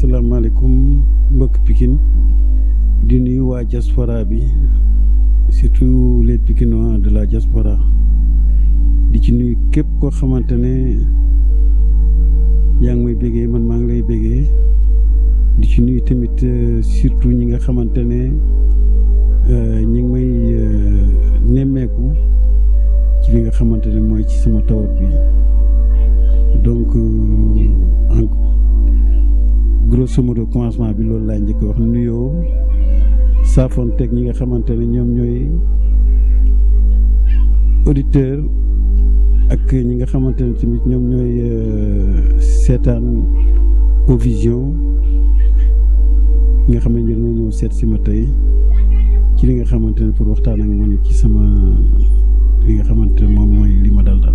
salaamaaleykum mbokk Pikine di nuyu waa diaspora bi surtout les Pikinois de la diaspora di ci nuyu képp koo xamante ne yaa ngi may béggee man maa ngi lay béggee di ci nuyu tamit euh, surtout ñi nga xamante ne euh, ñi ngi may euh, nemmeeku ci li nga xamante ne mooy ci sama tawat bi donc en grosso modo commencement bi loolu laa njëkk wax nuyoo saafoon teg ñi nga xamante ne ñoom ñooy auditeur ak ñi nga xamante ne tamit ñoom ñooy euh, seetaan Ovision nga xam ne ñoo ñëw seet si ma tey ci li nga xamante ne pour waxtaan ak man ci sama li nga xamante moom mooy li ma dal daal.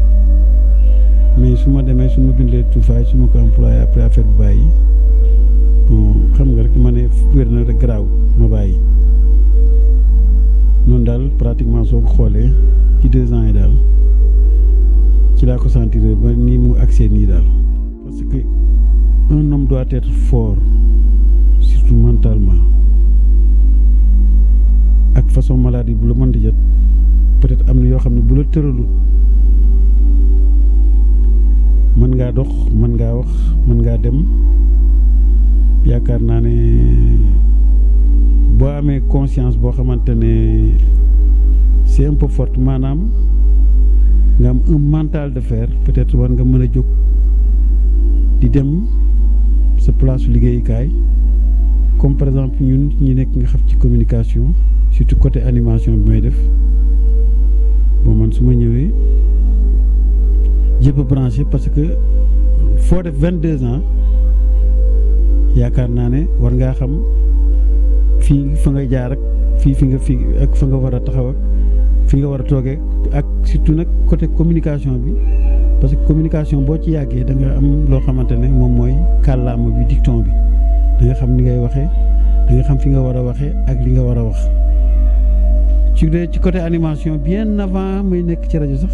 mais su ma demee su ma bindee tuufaay su ma ko employé après affaire bu bàyyi xam nga rek ma ne wér na rek garaaw ma bàyyi noonu daal pratiquement soo ko xoolee ci deux ans yi daal ci laa ko sentir ba nii mu accès nii daal parce que un homme doit être surtout mentalement ak façon maladie bu la mën di jot peut-être am na yoo xam ne bu la tëralut man nga dox man nga wax man nga dem yaakaar naa ne boo amee conscience boo xamante ne c'est un peu forte maanaam nga am un mental de fer peut-être war nga mën a jóg di dem sa place liggéeyukaay comme par exemple ñun ñi nekk nga xam ci communication surtout côté animation bi may def bon man su ma yëpp branché parce que foo def vingt deux ans yaakaar naa ne war ngaa xam fii fa nga jaar ak fii fi nga fi ak fa nga war a taxaw ak fi nga war a toogee ak surtout nag côté communication bi parce que communication boo ci yàggee da nga am loo xamante ne moom mooy kàllaama bi dicton bi da nga xam ni ngay waxee da nga xam fi nga war a waxee ak li nga war a wax. ci dee ci côté animation bien avant mooy nekk ci rajo sax.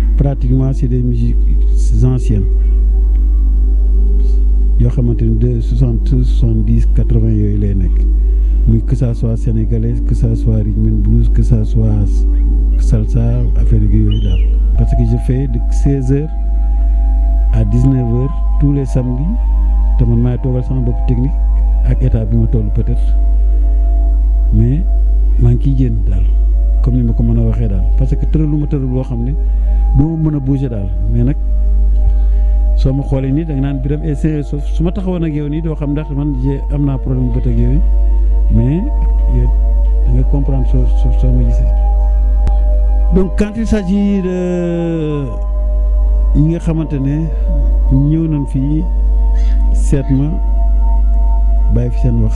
pratiquement c'est des musiques anciennes. Il y a 72, 70, 80 Mais que ce soit sénégalais, que ce soit rythme blues, que ce soit salsa, affaire de Parce que je fais de 16h à 19h tous les samedis. Je suis en train de faire technique avec l'état de peut-être. Mais je suis en train de comme ni ma ko mën a waxee parce que tëralu ma tëral boo xam ne du ma mën a bouger daal mais nak so ma xolé ni da nga naan biram essayé eh, sauf suma taxawon ak yow ni do xam ndax man jee amna problème bët ak yow mais yow da nga comprendre so so ma gisee. donc quand il s'agit de ñi nga xamante ne ñëw nañ fi seet bay fi sen wax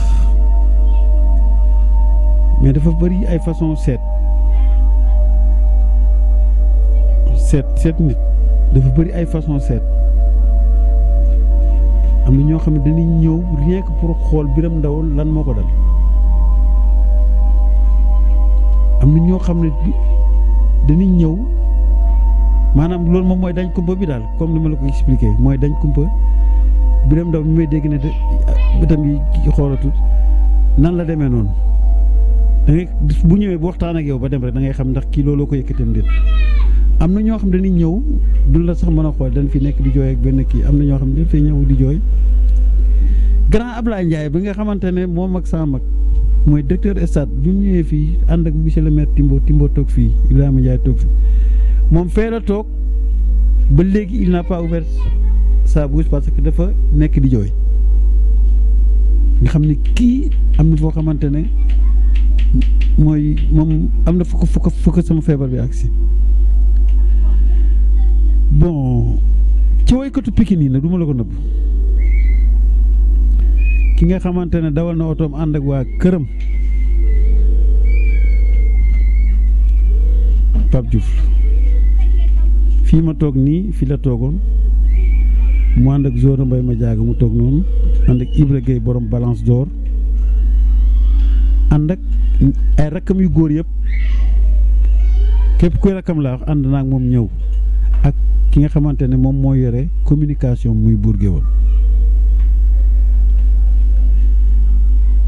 mais dafa bari ay façon seet. seet seet nit dafa bëri ay façon seet am na ñoo xam ne dañuy ñëw rien que pour xool biram ndaw lan moo ko dal am na ñoo xam ne dañuy ñëw maanaam loolu moom mooy dañ kumpa bi daal comme ni ma la ko expliqué mooy dañ kumpa biram ndaw mi may dégg ne bëtam yi xoolatul nan la demee noonu da ngay bu ñëwee bu waxtaan ak yow ba dem rek da ngay xam ndax kii looloo ko yëkkateem déet am na ñoo xam dañuy ñëw du la sax mën a xool dañ fi nekk di jooy ak benn kii am na ñoo xam ne dañ fay ñëw di jooy grand Ablaye Ndiaye bi nga xamante ne moom ak sama mag mooy directeur stade bi fii ànd ak monsieur le maire Timbo Timbo fii Ibrahima Ndiaye toog fii toog ba léegi il n'a pas sa bouche parce que dafa nekk di jooy nga xam ne kii am na foo xamante ne mooy moom am na fu ko fu ko fu ko sama feebar bi agsi bon ci woykatu Pikine nag du ma la ko nëbb ki nga xamante ne dawal na otoom ànd ak waa këram Pape Diouf fii ma toog nii fi la toogoon mu ànd ak Zora Mbaye ma jaaga mu toog noonu ànd ak Ibra Gueye borom balance d'or ànd ak ay rakkam yu góor yëpp képp kuy rakkam la wax ànd naa ak moom ñëw ak ki nga xamante ne moom moo yore communication muy buur woon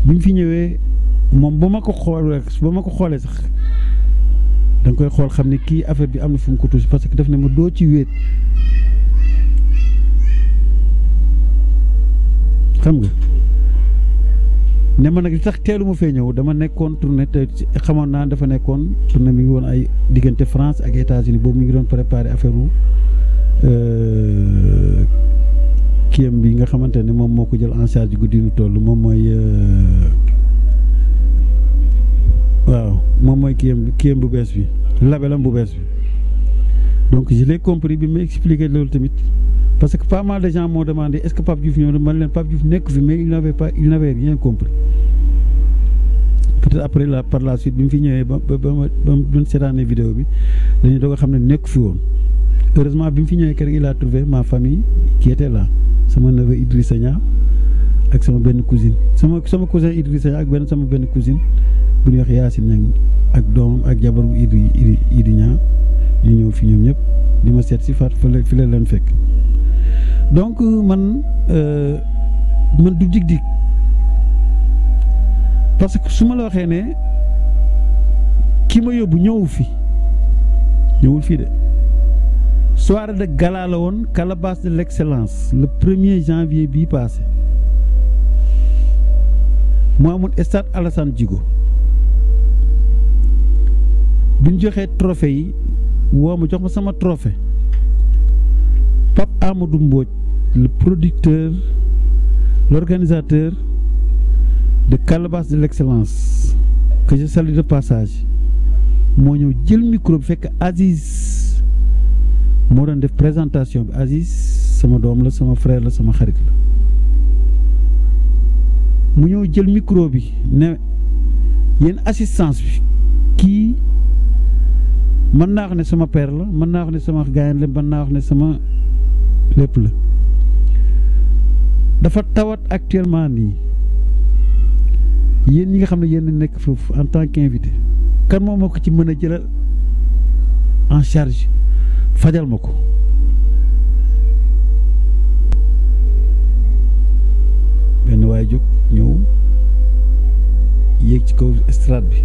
bi mu fi ñëwee moom ba ma ko xoolee ba ma ko xoolee sax da koy xool xam ne kii affaire bi am na fu mu ko tuuti parce que daf ne ma doo ci wéet xam nga. ne kita nag li tax teelu ma fee ñëw dama nekkon tourné te xamoon dafa nekkon tourné mi ngi won ay digënté France ak États-Unis bo mi ngi doon préparé affaire u euh, kiyam bi nga xamante mom moko jël en charge guddinu tollu mom moy euh waaw moom mooy kiyam kiyam bu bi labelam bu bi donc je l'ai compris mais expliquer expliqué parce que pas mal de gens m'ont demandé est-ce que Pape Diouf n'est pas man Pape Diouf mais il n'avait pas il n'avait rien compris peut-être après par la suite bi mu fi ñëwee ba ba vidéo bi dañu doog a xam ne fi heureusement bi mu fi il a trouvé ma famille qui était là Mon neveu Idrissa avec son sama belle cousine C'est mon cousin Idrissa avec avec sa sama cousine bu ñuy wax Yacine Niang ak doomam ak ñu ñëw fi ñoom ñëpp di ma seet si faat fi la leen fekk donc euh, man euh, man du dig-dig parce que su ma la waxee ne ki ma yóbbu ñëwul fi ñëwul fii de soirée de gala la woon calebasse de l'excellence le premier janvier bii passé moo amoon stade Alassane Djigo bi ñu joxee trophée yi ou ma jox sama trophée papa Amadou le producteur l'organisateur de Calabas de l'excellence que je salue de passage m'a ñëw le micro fait que Aziz moo doon def présentation Aziz, Aziz mon homme, c'est sama frère c'est mon frère. la mu ñëw le micro y a une assistance qui man naa wax ne sama père la mën naa wax ne sama gaayan la mën naa wax ne sama lépp la dafa tawat actuellement nii yéen yi nga xam ne yéen nekk foofu en tant qu'invité kan moom moo ko ci mën a jëlal en charge fajal ma ko benn waaye jóg ñëw yéeg ci kaw estrade bi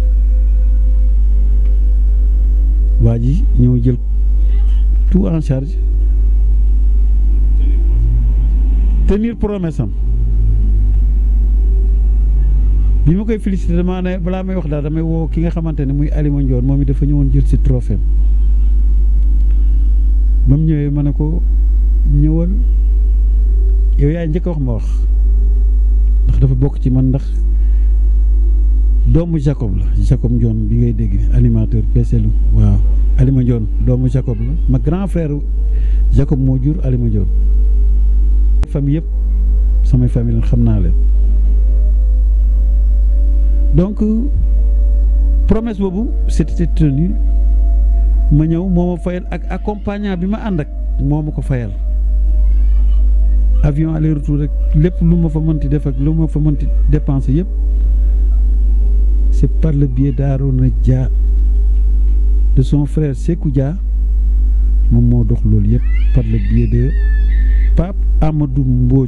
waa ji ñëw jël tout en charge tenir promesse am bi ma koy félicité damaa ne balaa may wax daal damay woo ki nga xamante ne muy Alima Ndione moom it dafa ñëwoon jël si trophée ba ñëwee ma ne ko ñëwal yow yaay njëkk wax ma wax ndax dafa bokk ci man ndax doomu jacob la jacob ndion bi ngay dégg animateur pclu waaw alima ndion doomu jacob la ma grand frère jacob moo jur alima ndion famille yëpp sama famille la xam naa leen donc promesse boobu c'était tenu ma ñëw moo ma fayal ak accompagnant bi ma ak moo ko fayal avion aller retour rek lépp lu ma fa mënti def ak lu ma fa mënti dépenser yëpp c'est par le biais d'Aaron Dia de son frère Sekoudja... Dia par le biais de Pape Amadou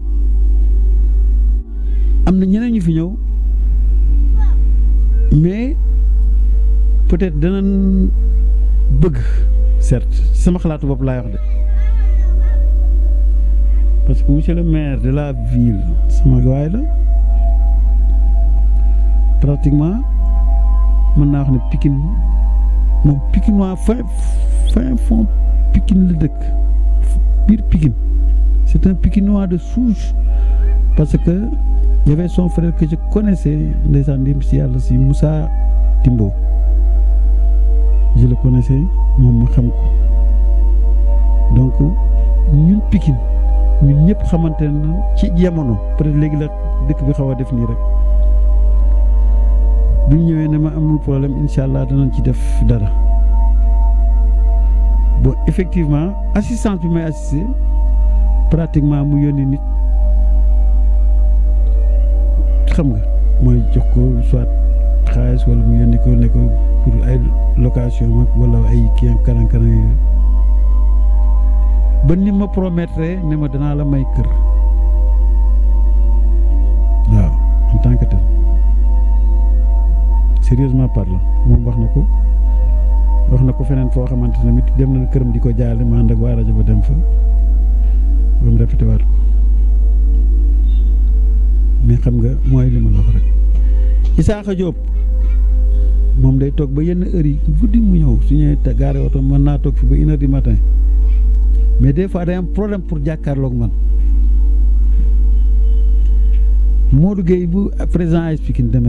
Il am a mais peut-être un bug, certes C'est xalaatu que je parce que monsieur le maire de la ville c'est ma la pratiquement mën naa wax c'est un piquinois de souche parce que y avait son frère que je connaissais les Moussa Timbo je le connaissais mon ma xam ko donc ñun Pikine ñun ñëpp xamante na ci jamono peut-être léegi la dëkk bi def bu ñëwee ne ma amul problème incha allah danañ ci def dara bon effectivement assistance bi may assister pratiquement mu yónni nit xam nga mooy jox ko soit xaalis wala mu yónni ko ne ko pour ay location mag wala ay kii karan karan yooyu ba ni ma promettre ne ma danaa la may kër waaw en tant sérieusement parlant moom wax na ko wax na ko feneen foo xamante ne tamit dem na këram di ko jaale ma ànd waa rajo ba dem fa mu répété waat mais xam nga mooy li ma la wax rek Isaaxa Diop moom day toog ba yenn heure yi guddi mu ñëw su ñëwee gaare oto mën naa toog fi ba une di du matin mais des fois day am problème pour jàkkaarloog man Modou Gueye bu président expliqué de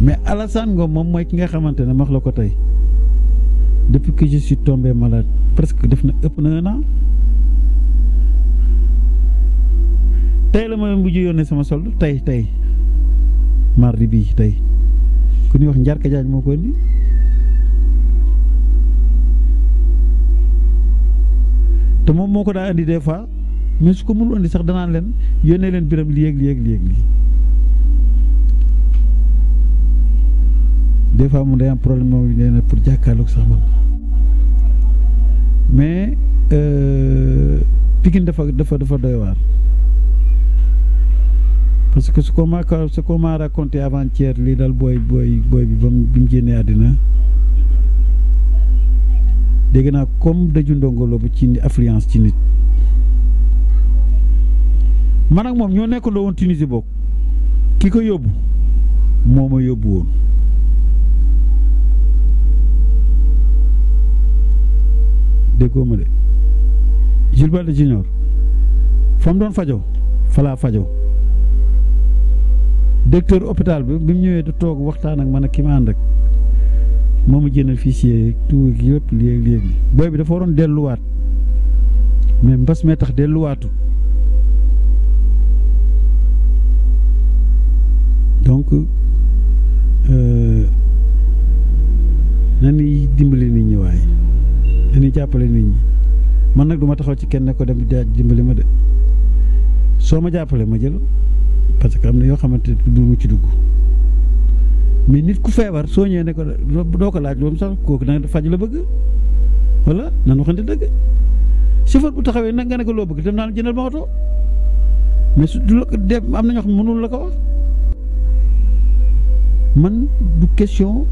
mais Alassane ngoom moom mooy ki nga xamante ne wax la ko tey depuis que je suis tombé presque def na ëpp na un an tey la ma mujj yónnee sama sol tey tey mardi bii tey ku ñuy wax Njarka Jaañ moo ko indi te moom moo ko daa indi des fois mais su ko mënul indi sax danaan leen yónnee leen biram li yéeg li yéeg li yéeg lii des fois mon day am problème mo nee na pour jàkkaarloog sax mom mais euh, pigine dafa dafa dafa doy war parce que ce qu'on ma ce qu'on ma raconté avant-hier li dal boy boy boy bi bam mu bi mu génnee dégg naa comme daju ndongolo bu ci affluence ci nit man ak mom ñoo nekk lo won Tunisie bok kiko yobbu moma yobbu won ko ma de Jules Baldé Junior fam don fajo fala fajo docteur hôpital bi bim ñewé ñëwee tok waxtaan ak man ak kima ma ànd ak moom fichier tout yépp léegi-léegi boy bi dafa waroon delluwaat mais mbass mee tax delluwaatu donc euh ni dimbali ni ñi waye dañuy jàppale nit ñi man nag du ma taxaw ci kenn ne ko dem di dimbali ma de soo ma jàppalee ma jël parce que am na yoo xamante du mu ci dugg mais nit ku feebar soo ñëwee ne ko doo ko laaj loolu sax kooku da nga faj la bëgg wala nan waxante dëgg chauffeur bu taxawee nag nga ne loo bëgg dem naan jëndal ma mais su du am na ñoo xam mënul la ko wax man du question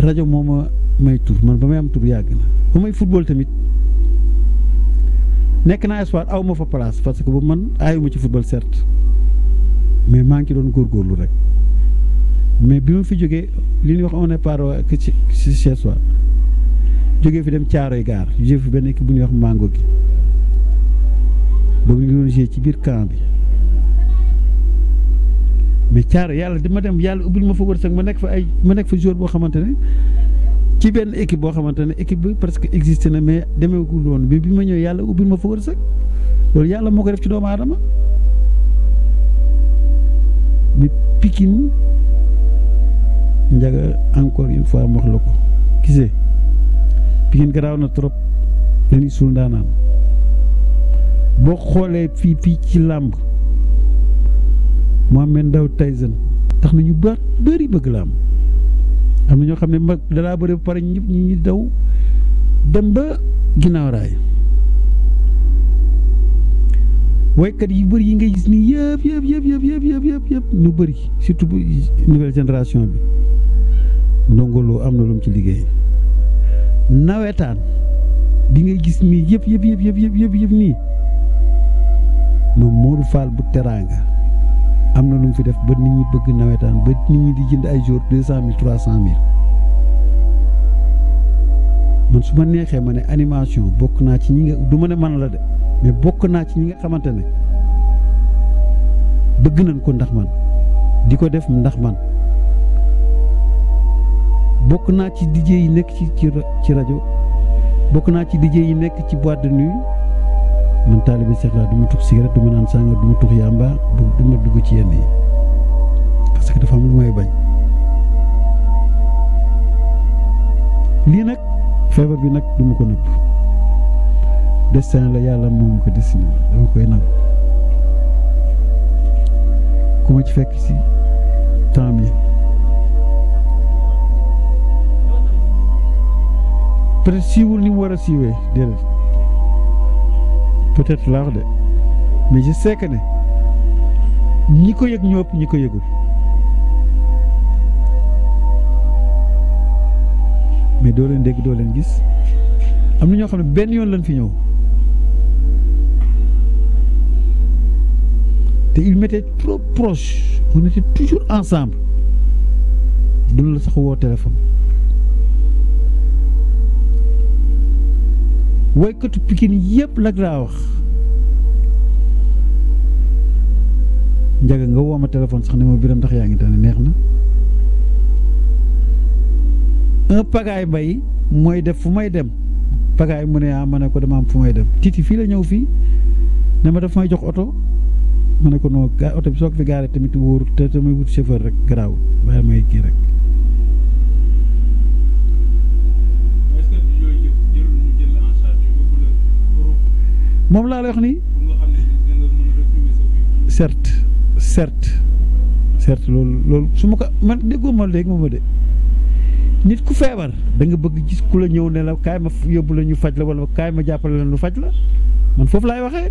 rajo moo ma may tur man ba may am tur yàgg na ba may football tamit nekk naa espoir aw ma fa place parce que boobu man aayuma ci football certes mais maa ngi ci doon góorlu rek mais bi ma fi jógee li ñuy wax on est par ci ci chez soi jógee fi dem Caaroy gaar jógee fi benn équipe bu ñuy wax mango gi boobu ñu ngi doon jouer ci biir camp bi. mais caaro yàlla di ma dem yàlla ubbil ma fa wërsëg ma nekk fa ay ma nekk fa jour boo xamante ne ci benn équipe boo xamante ne équipe bi parce que existé na mais demeewul woon bi bi ma ñëw yàlla ubbil ma fa wërsëg loolu yàlla moo ko def ci doomu aadama mais Pikine njaga encore une fois ma wax ko gisee Pikine garaaw na trop dañuy suul ndaanaan boo xoolee fii fii ci làmb mu Mohamed ndaw Tyson tax na ñu baat bëgg la am am na ñoo xam ne mag dalaa bari ba pare ñëpp ñi ñuy daw dem ba ginnaaw raay waykat yu bëri yi ngay gis nii yëpp yëpp yëpp yëpp yëpp yëpp yëpp ñu bëri surtout bu nouvelle génération bi ndongoloo am na lum ci liggéey nawetaan bi ngay gis nii yëpp yëpp yëpp yëpp yëpp yëpp nii moom Modou Fall bu teraanga am na lu mu fi def ba nit ñi bëgg nawetaan ba nit ñi di jënd ay jour deux cent mille trois cent man su ma neexee ma ne animation bokk naa ci ñi nga du ma ne man la de mais bokk naa ci ñi nga xamante ne bëgg nañ ko ndax man di ko def ndax man bokk naa ci DJ yi nekk ci ci rajo bokk naa ci DJ yi nekk ci boîte de nuit. man taalibe Cheikh duma du ma duma cigarette duma ma naan duma duma ma tux yàmba ci yenn yi parce que dafa am lumay bañ li nak feebar bi nak duma ko nepp destin la yalla moom ko dessiné dama koy nangu ku ma ci fekk si tammi presiwul ni mu wara siwe dedet peut-être l'arde, mais je sais que ni ko yëg ñop ni ko yëgul mais do len deg do len gis am na ñoo xam ne yoon lañ fi ñëw te il m'était trop proche on était toujours ensemble duñ la sax au téléphone woykatu Pikine yëpp nag laa wax njaga nga woo ma téléphone sax ne ma biram ndax yaa ngi tane neex na pagaay mbay mooy def fu may dem pagaay mu ne ah ma ne ko dama am fu may dem titi fii la ñëw fii na ma def may jox oto ma ne ko non oto bi soog fi gaare tamit wóoru te tamit wut chauffeur rek garaawul waaye may kii rek moom laa lay wax nii certes certes certes loolu loolu su ma ko man déggoo ma léegi moom ma de nit ku feebar da bëgg gis ku la ñëw ne la kaay ma yóbbu la ñu faj la wala kaay ma jàppale la ñu faj la man foofu laay waxee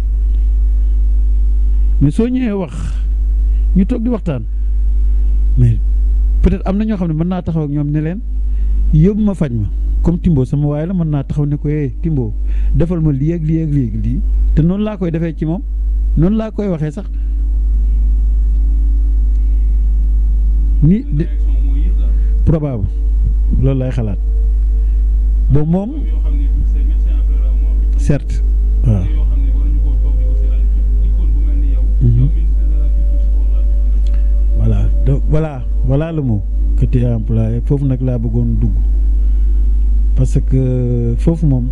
mais soo ñëwee wax ñu toog di waxtaan mais peut-être am na ñoo xam ne mën naa taxaw ak ñoom ne leen yóbbu ma faj ma comme Timbo sama la man na taxaw ne ko eh, Timbo defal ma li ak li ak li ak li te non la koy defé ci mom non koy sax ni probable lay xalat certes mhm. voilà donc voilà voilà le mot que tu as employé la dugg parce que foofu moom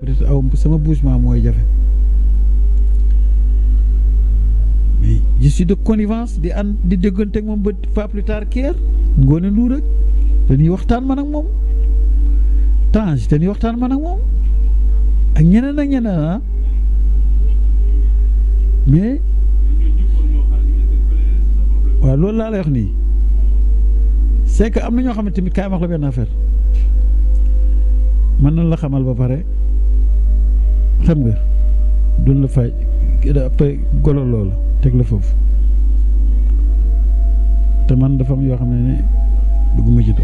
peut-être aw sama bougement mooy jafe mais je de connivence di ànd di déggante ak moom ba pas plus tard qu'hier ngoone lu rek dañuy waxtaan man ak moom Tange nuy waxtaan man ak moom ak ñeneen ak ñeneen ah mais waaw loolu laa lay wax nii c'est que am na ñoo xam ne tamit kaay wax la benn affaire. man na la xamal ba pare xam nga duñ la fay après golo loolu teg la foofu te man dafa am yoo xam ne ni bëgguma ci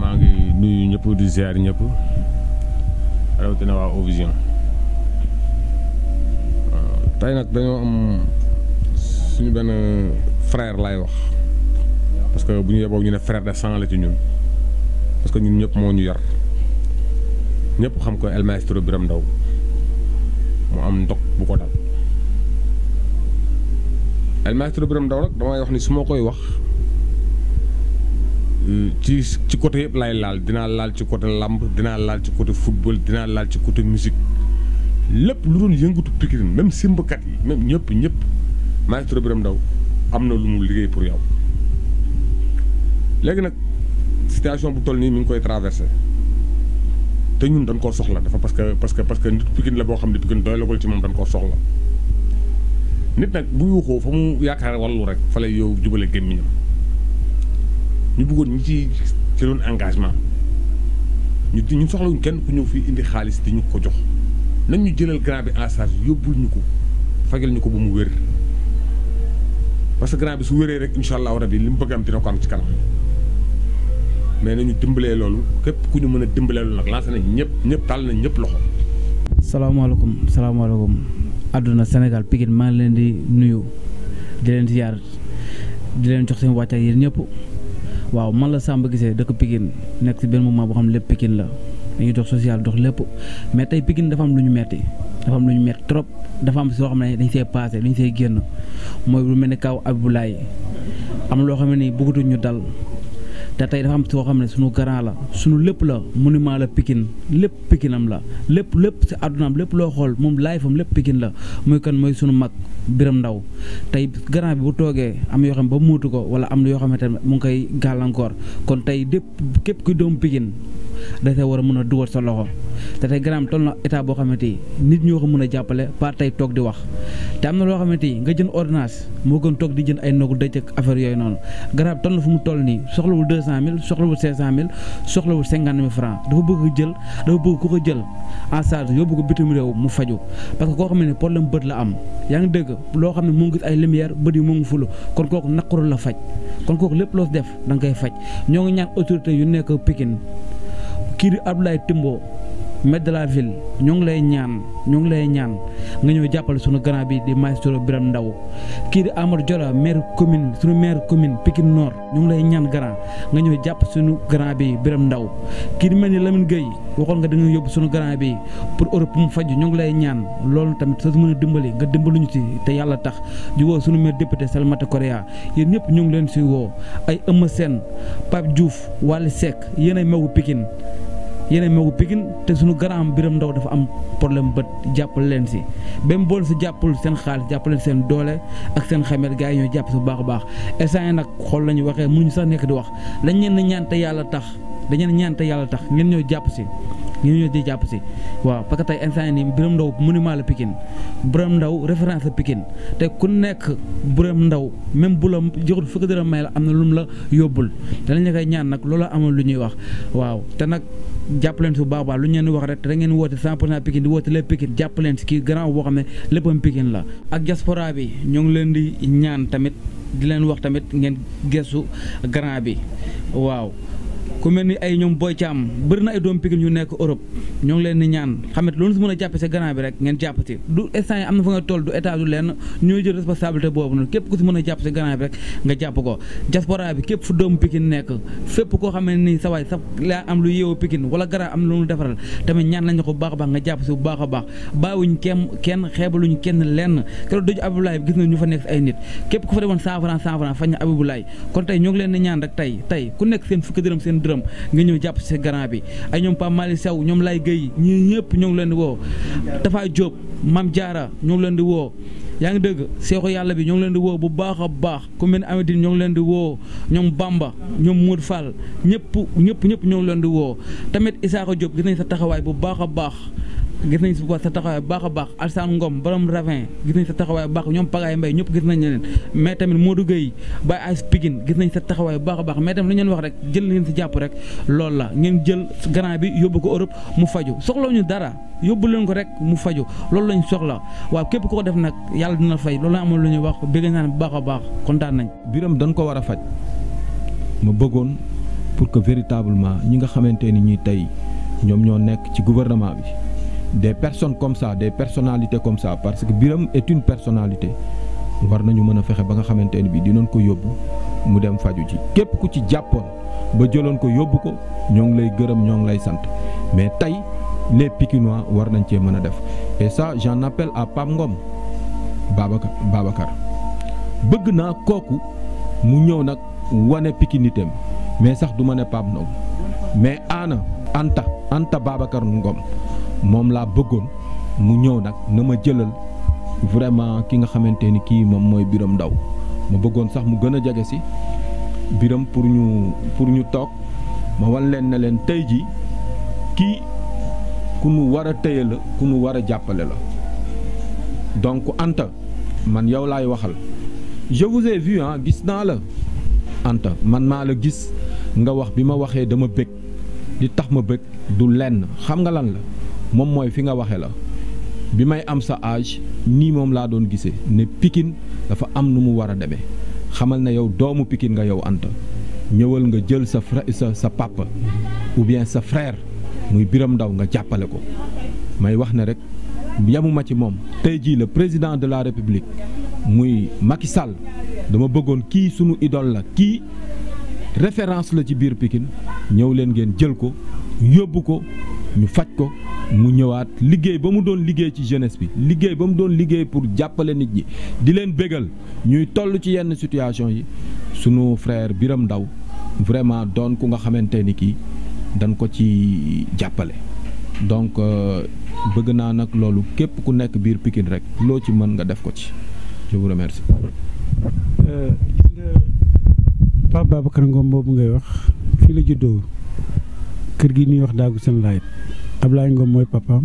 maa ngi nuyu ñëpp di ziar ñëpp rawatina waa Ovision tey nag dañoo am suñu benn frère laay wax parce que bu ñu yeboo ñu ne frère de sang la ci ñun. parce que ñun ñëpp moo ñu yar ñëpp xam ko El Maestro Birame Ndao mu am ndog bu ko dal El Maestro Birame Ndao nag damay wax ni su moo koy wax ci ci côté yëpp laay laal dinaa laal ci côté làmb dinaa laal ci côté football dinaa laal ci côté musique lépp lu doon yëngatu Pikine même simbakat yi même ñëpp ñëpp Maestro Birame ndaw am na lu mu liggéey pour yow léegi nag. situation bu toll nii mi ngi koy traversé te ñun dañ koo soxla dafa parce que parce que parce que nit Pikine la boo xam ne Pikine doylagul ci moom dañ koo soxla nit nag bu yuuxoo fa mu yaakaar wallu rek fa lay yow jubale gémmiñam ñu bëggoon ñi ci ci engagement ñu ñun soxlawuñ kenn ku ñëw fii indi xaalis di ñu ko jox nañ ñu jëlal grand bi en charge yóbbul ñu ko fajal ñu ko ba mu wér parce que grand bi su wéree rek incha allahu rabi li mu bëgg am dina ko am ci kanam mais nañu dimbalé lolu képp ku ñu mëna dimbalé lolu nak lancé nañ ñëpp ñëpp tal nañ ñëpp loxo assalamu alaykum assalamu alaykum aduna senegal pigine ma leen di nuyu di leen ziar di leen jox seen wacc ak yeen ñëpp waaw man la samba gisee dëkk pigine nekk ci benn moment boo xam lépp pigine la dañuy dox social dox lépp mais tey pigine dafa am lu metti dafa am lu metti trop dafa am soo xam ne dañ see passé dañ see génn mooy lu mel ne kaw abdoulaye am ñu dal te tey dafa am soo xam ne suñu grand la suñu lépp la monument la Pikine lépp Pikinam la lépp lépp si àddunaam lépp loo xool moom laay fam lépp Pikine la muy kan mooy suñu mag Biram Ndaw tey grand bi bu toogee am yoo xam ne ba muutu ko wala am yoo xamante ne mu ngi koy gàllankoor kon tey dépp képp kuy doomu pikin da war a mën a dugal sa loxo te tey Garaam toll na état boo xamante ni nit ñoo ko mën a jàppale par tey toog di wax na loo xamante ni nga jënd ordonnance moo gën toog di jënd ay ndogu dëj ak affaire yooyu noonu Garaam toll na fu mu toll nii soxlawul 200000 soxlawul 500000 soxlawul 50000 francs dafa bëgg jël dafa bëgg ku ko jël en charge yóbbu ko bitim réew mu faju parce que koo xam ne problème bët la am yaa ngi dégg loo xam ne mu ngi gis ay lumière bët yi mu ngi fulu kon kooku naqaru la faj kon kook lépp loo def da nga koy faj ñoo ngi ñaan autorité yu nekk Pikine kii di Abdoulaye Timbo maire de la ville ñu ngi lay ñaan ñu ngi lay ñaan nga ñëw jàppale sunu grand bii di maestro Biram Ndaw kii di Amadou Diola maire commune sunu maire commune Pikine Nord ñu ngi lay ñaan grand nga ñëw jàpp sunu grand bi Biram Ndaw kii di mel ni Lamine Gueye waxoon nga dañuy yóbbu sunu grand bi pour Europe mu faju ñu ngi lay ñaan loolu tamit soo mën a dimbali nga dimbaluñu ci te yàlla tax di woo sunu maire député Salimata Korea yéen ñëpp ñu ngi leen si woo ay Eumeu Sène Pape Diouf Waly Seck yéen ay magu yéen a meeku Pikine te suñu garaam biram ndaw dafa am problème bët jàppale leen si même bool si jàppul seen xaalis jàppale seen doole ak seen xamet gars yi ñoo jàpp si bu baax a baax instant nag xool la ñu waxee ñu sax nekk di wax dañ leen ñaan te yàlla tax dañ leen ñaan yàlla tax ngeen ñoo jàpp si ñu ñëw di jàpp si waaw parce que tey instant yii nii Birame Ndao monument la Pikine Birame Ndao référence la Pikine te ku nekk Birame Ndao même bu la joxul fukki dërëm may la am na lu mu la yóbbul danañ la koy ñaan nag loola amoon lu ñuy wax waaw te nag jàpp leen si bu baax baax lu ñu leen wax rek da ngeen woote 100 pour cent Pikine di woote lépp Pikine jàpp leen si kii grand boo xam ne léppam Pikine la. ak diaspora bi ñoo ngi leen di ñaan tamit di leen wax tamit ngeen gëstu grand bi ku mel ni ay ñoom Boy Thiam bëri na ay doom Pikine ñu nekk Europe ñoo ngi leen ni ñaan xam ne a jàppe sa gannaaw bi rek ngeen jàppati am na fa nga toll du état ku ko diaspora bi képp fu doomu Pikine nekk bu baax a baax nga jàpp si bu baax a baax bàyyiwuñ kenn kenn lenn keroog doju Abdoulaye bi na ñu fa nekk ay nit képp ku fa demoon cent franc cent franc fañ na Abdoulaye kon tey ñoo ngi leen ni ñaan rek seen fukki dërëm seen dërëm nga ñëw jàpp si grand bi ay ñoom Pape Malick Sow ñoom Laye Guèye ñii ñëpp ñoo ngi leen di woo Tafa Diop maam jaara ñoo leen di woo yaa ngi dëgg seexu yàlla bi ñoo ngi leen di woo bu baax a baax ku mel ni Amadine ñoo ngi leen di woo ñoom bàmba ñoom Modou fal ñëpp ñëpp ñëpp ñoo leen di woo tamit Isaaxa Diop gis nañ sa taxawaay bu baax a baax gis nañ sa taxawaay baax a baax Alsaan Ngom borom Ravin gis nañ sa taxawaay bu baax ñoom Pagaay Mbay ñëpp gis nañ leen mais tamit Modou Gueye Baye Aïs Pikine gis nañ sa taxawaay bu baax a baax mais tamit lu ñeen leen wax rek jël leen si jàpp rek loolu la ngeen jël grand bi yóbbu ko Europe mu faju soxlawuñu dara yóbbu leen ko rek mu faju loolu lañ soxla waaw képp koo def nag yàlla dina fay loolu la amoon lu ñuy wax bëgg naa ne bu baax a baax kontaan nañ. biram dañ ko war a faj ma bëggoon pour que véritablement ñi nga xamante ni ñi tey ñoom ñoo nekk ci gouvernement bi des personnes comme ça des personnalités comme ça parce que Biram est une personnalité war nañu mën a ba nga xamanténi bi di non ko yobbu mu dem faju ci képp ku ci jàppoon ba jëloon ko yobbu ko ñoo ngi lay gërëm ñoo lay sant mais tay les Pikinois war nañ cee def et ça j'en appelle à Pam Ngom Babacar Babacar bëgg naa kooku mu ñëw nag wane Pikinitem mais sax du ma ne Ngom mais ana Anta Anta Babacar Ngom moom laa bëggoon mu ñëw nag na ma jëlal vraiment ki nga xamante ni kii moom mooy biram ndaw ma bëggoon sax mu gën a jege si Birame pour ñu pour ñu toog ma wan leen ne leen tey jii kii ku nu war a téye la ku nu war a jàppale la donc Anta man yow laay waxal je vous ai gis naa la Anta man maa la gis nga wax bi ma waxee dama bëgg li tax ma bëgg du lenn xam nga lan la. moom mooy fi nga waxee la bi may am sa âge nii moom laa doon gisee ne pikin dafa am nu mu war a demee xamal na yow doomu pikin nga yow Anta ñëwal nga jël sa sa sa papa ou bien sa frère muy Biram Ndaw nga jàppale ko may wax ne rek yamuma ci moom tey jii le président de la république muy Macky Sall dama bëggoon kii sunu idole la kii référence la ci biir Pikine ñëw leen ngeen jël ko yóbbu ko ñu faj ko mu ñëwaat liggéey ba mu doon liggéey ci jeunesse bi liggéey ba mu doon liggéey pour jàppale nit ñi di leen bégal ñuy toll ci yenn situation yi sunu frère biram Ndaw vraiment doon ku nga xamante ni kii dañ ko ci jàppale donc euh, bëgg naa nag loolu képp ku nekk biir Pikine rek loo ci mën nga def ko ci je vous remercie. Euh, Pape boobu ngay wax fii la juddoo. kër gi ñuy wax daagu seen laayit Ablaye Ngom mooy papaam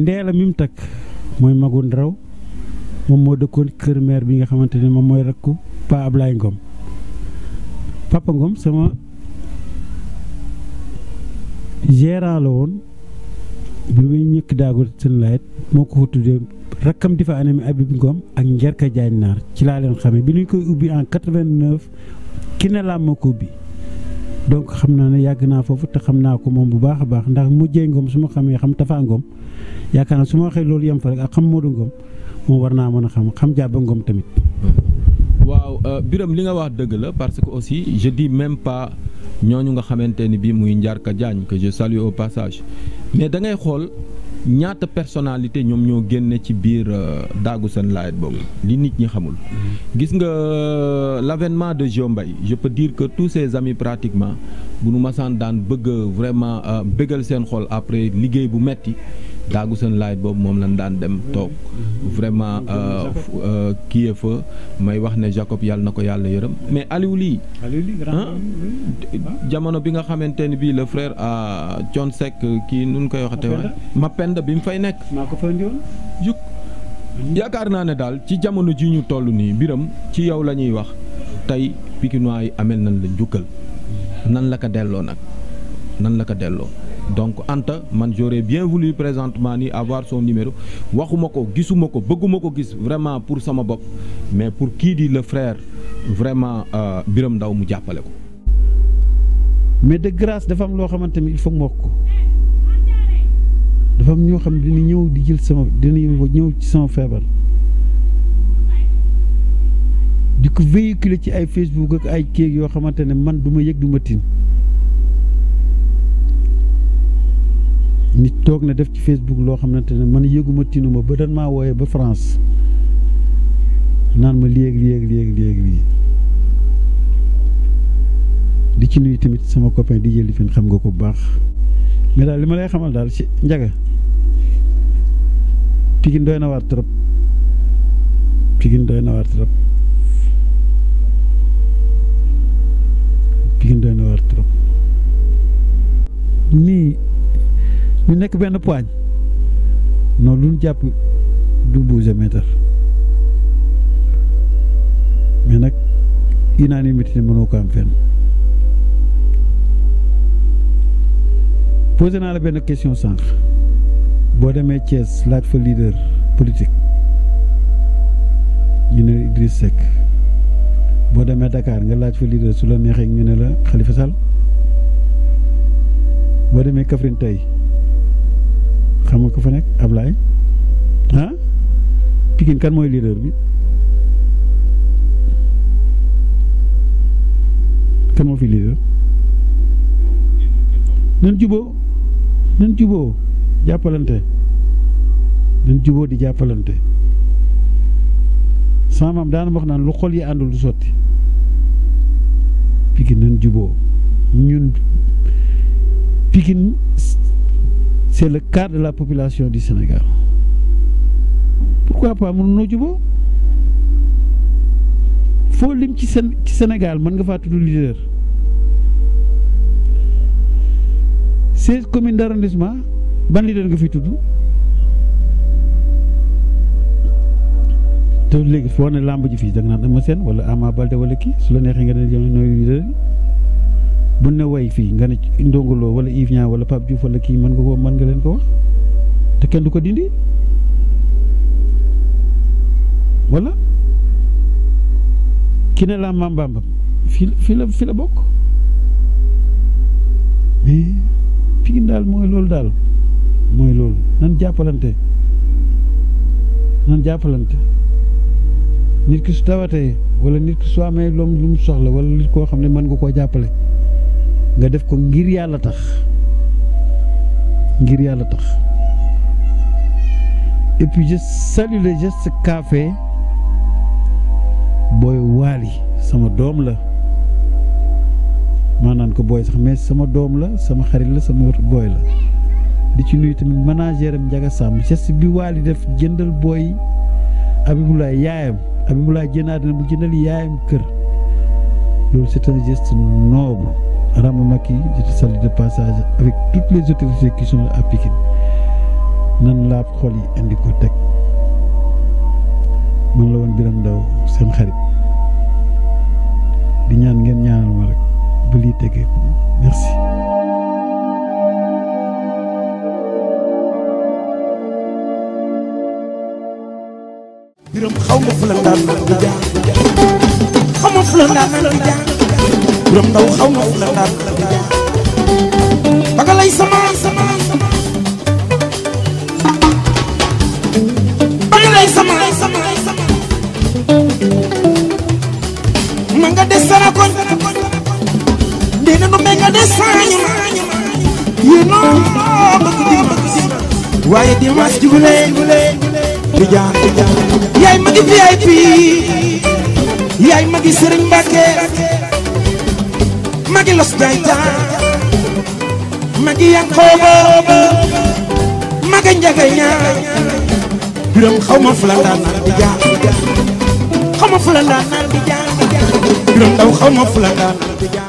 ndeela mi mu takk mooy magu Ndaraw moom moo dëkkoon kër maire bi nga xamante ne moom mooy rakku pa Ablaye Ngom papa Ngom sama gérant woon bi muy ñëkk daagu seen laayit moo ko fa tuddee rakkam di fa anami Abib Ngom ak njerka jaañ naar ci laa leen xamee bi ñu koy ubbi en ki ne moo ko ubbi donc xam naa ne yàgg naa foofu te xam naa ko moom bu baax a baax ndax mujjee ngoom su ma xamee xam Tafa Ngom yaakaar naa su ma waxee loolu yem fa rek ak xam Modou Ngom moom war naa mën a xam xam Diaba Ngom tamit. waaw euh, biram li nga wax dëgg la parce que aussi je di même pas ñooñu nga xamante ni bii muy Ndiarka Diagne que je salue au passage mais da ngay xool. ñaata personnalité ñoom ñoo génne ci biir euh, daagu seen laayit boobu li nit ñi xamul. gis nga euh, l'avènement de Jom Mbaye je peux dire que tous ses amis pratiquement bu nu masaan daan bëgg vraiment euh, bëggal seen xol après liggéey bu metti taagu seen laaj boobu moom lañ daan dem toog vraiment euh, euh, kii fa may wax ne Jacob yàlla na ko yàlla yërëm mais Aliou lii jamono bi nga xamante ne bii le frère à euh, Thione Seck kii nun koy waxate ma Mapenda bi mu fay nekk juk yaakaar naa ne daal ci jamono ji ñu toll nii biram ci yow la ñuy wax tey Pikinois yi amel nañ la njukkal nan la ko delloo nag nan la ko delloo donc Anta man j'aurais bien voulu présentement ni avoir son numéro waxumako ko beugumako gis vraiment pour sama bop mais pour qui dit le frère vraiment euh, biram Ndaw mu jappalé ko. mais de grâce dafa am lo xamanteni il faut Moko. wax ko dafa am ñoo xam ne ñew di jël sama dina ñew ci sama feebar di ko véhiculer ci ay Facebook ak ay kéeg yo xamanteni man duma yegg du nit toog na def ci Facebook loo xamante ne man yëguma tinuma ba dan maa ba France naan ma léegi léegi léegi léegi lii di ci nuyu tamit sama copain di jëli fin xam nga ko bu baax mais daal li ma lay xamal daal ci njaga Pikine doy na trop Pikine doy na waar trop Pikine doy na ñu nekk benn poigne noonu lu jàpp du bouger mètre mais nag unanimité mënoo ko am fenn posé naa la benn question sànq boo demee Thiès laaj fa leader politique ñu ne Idriss Seck boo demee dakaar nga laaj fa leader su la neexee ñu ne la Khalifa Sall boo demee Kaffrine tey xam nga ko fa nek ablay ah Pikine kan moy leader bi kan mo fi leader nan juboo nan juboo jappalante nan di jappalante sama daan wax nan lu xol yi andul du soti nan ñun c'est le quart de la population du Sénégal. Pourquoi pas mon nouveau Faut le Sénégal mën nga leader. communes d'arrondissement ban leader nga fi faut buñ ne way fii nga ne Ndongo Lo wala Yves Niang wala Pape Diouf wala kii mën nga koo mën nga leen ko wax te kenn du ko dindi wala ki ne laa Mame Bamba fii fii la fii bokk mais Pikine daal mooy loolu daal mooy loolu nan jàppalante nan jàppalante nit ki su tawatee wala nit ki su amee loom lu soxla wala nit koo xam ne mën nga koo jàppale nga def ko ngir yàlla tax ngir yàlla tax et puis je salue le booy waali sama doom la maa naan ko booy sax mais sama doom la sama xarit la sama booy la di ci nuyu tamit manager am Njaga Sàmm bi waali def jëndal booy Abibulaay yaayam Abibulaay jëndaat na mu jëndal yaayam kër loolu c'est un geste Rama Maki je te salue de passage avec toutes les autorités qui sont à Pikine nan laab xol yi indi ko teg man la woon Biram Ndaw seen xarit di ñaan ngeen ñaanal ma rek ba lii tegee merci. la daan naan di jaar xaw ma fu buram tahu xaw na fu la ndaan sama sama ba lagi sama sama mangga desa des sana koñ dina nu me nga des saañu yéenoo ya. ya, bëgg di waaye dimanche jubule du magi VIP yaay magi sering Mbacke magi los jaayta maga njaga ñaay biram xaw ma la daan naan di jaar xaw ma fu la daan naan di jaar biram daw xaw ma naan di